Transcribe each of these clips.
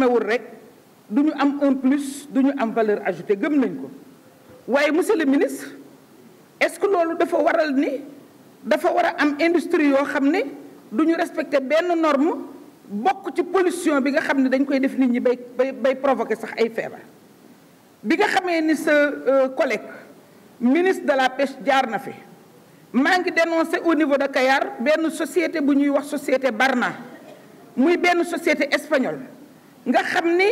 amewul rek du ñu am un du ñu am valeur ajoutée gëm nañ ko waaye monsieur le ministre est-ce que loolu dafa waral ni dafa war a am industrie yoo xam ne du ñu respecté benn norme bokk ci pollution bi nga xam ne dañ koy def nit ñi bay bay bay provoqué sax ay feebar bi nga xamee ni sa euh, collègue ministre de la pêche jaar na fi maa ngi dénoncé au niveau de Kayar benn société bu ñuy wax société Barna muy benn société espagnole nga xam ne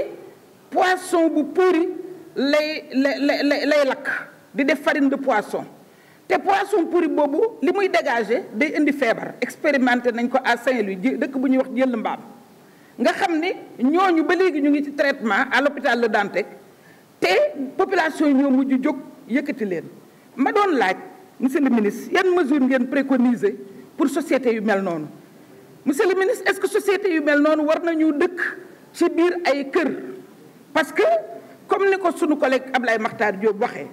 poisson bu pourri lay lay lay lakk di def farine de poisson te poisson pouri boobu li muy dégager day indi feebar expérimenté nañ ko à Saint-Louis dëkk bu ñuy wax jël mbaam nga xam ni ñoo ñu ba léegi ñu ngi ci traitement à l'hôpital Le Dantec te population yi ñoo mujj jóg yëkkati leen ma doon laaj monsieur le ministre yan mesure ngeen préconiser pour société yu mel noonu monsieur le ministre est-ce que société yu mel noonu war nañu dëkk ci biir ay kër parce que comme ni ko suñu sunu ab Ablaye maxtaar Diop waxee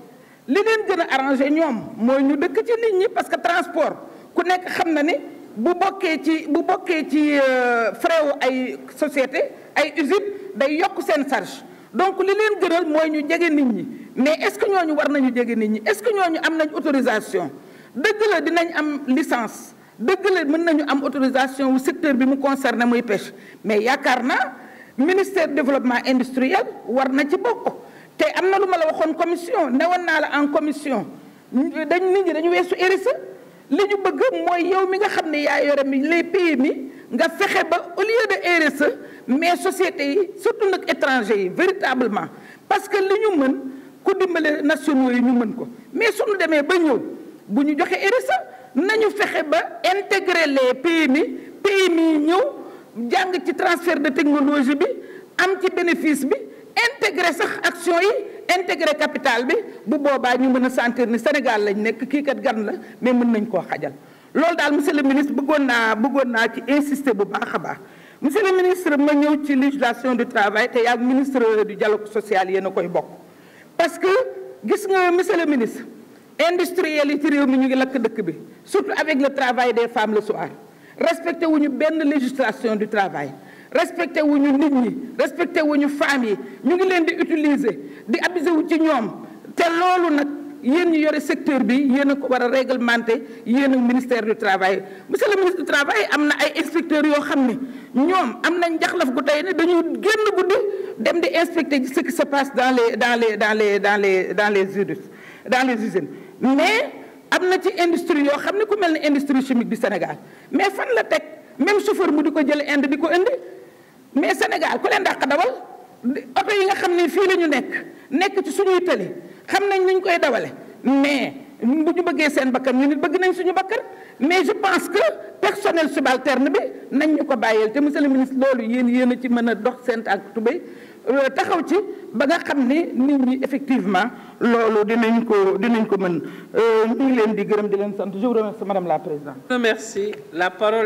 li leen gën a arrangé ñoom mooy ñu dëkk ci nit ñi parce que transport ku nekk xam na ni bu bokkee ci bu bokkee ci euh, frais wu ay société ay usine day yokk seen charge donc li leen gënal mooy ñu jege nit ñi mais est-ce que ñu war nañu jege nit ñi est-ce que ñooñu am nañ autorisation dëgg la dinañ am licence dëgg la mën nañu am autorisation wu secteur bi mu concerné muy pêche mais yaakaar naa ministère développement industriel war na ci bokk te am na lu ma la waxoon commission newoon naa la en commission dañ nit ñi dañu weesu RSE li ñu bëgg mooy yow mi nga xam ne yaa yore mi les PMI nga fexe ba au de de sa mais sociétés yi surtout nag étrangers yi véritablement parce que li ñu mën ko dimbale nationaux yi ñu mën ko mais suñu demee ba ñëw bu ñu joxe na nañu fexe ba intégrer les PMI PMI ñëw jàng ci transfert de technologie bi am ci bénéfice bi intégré sax action yi intégré capital bi bu boobaa ñu mën a sentir ni Sénégal lañ nekk kii kat gan la mais mën nañ koo xajal loolu daal monsieur le ministre bëggoon naa bëggoon naa ci insister bu baax a baax monsieur le ministre ma ñëw ci législation du travail te yaa ministre du dialogue social yéen a koy bokk parce que gis nga monsieur le ministre industriel yi ci réew mi ñu ngi lakk dëkk bi surtout avec le travail des femmes le soir respecté wuñu benn législation du travail wu wuñu nit ñi respecté wuñu femmes yi ñu ngi leen di utiliser di abusé wu ci ñoom te loolu nag yéen ñu yore secteur bi yéen ko war a réglementé yéen ak ministère du travail monsieur le ministre du travail am na ay inspecteurs yoo xam ne ñoom am nañ jaxlaf gu tey ne dañuy génn guddi dem di inspecter ce qui se passe dans les dans les dans les dans les dans les les usines mais am na ci industrie yoo xam ne ku mel ne industrie chimique du Sénégal mais fan la teg même chauffeur mu di ko jël Inde di ko indi mais Sénégal ku leen dàq dawal oto yi nga xam ne fii la ñu nekk nekk ci suñuy tëli xam nañ ni ñu koy dawale mais bu ñu bëggee seen bakkan ñu nit bëgg nañ suñu bakkan mais je pense que personnel subalterne bi nañ ñu ko bàyyeel te monsieur le ministre loolu yéen yéen a ci mën a dox seen tànk tubéy Euh, taxaw ci ba nga xam ni nit ñi effectivement loolu dinañ ko dinañ ko mën euh, ñu ngi leen di gërëm di leen sant je vous remercie madame la président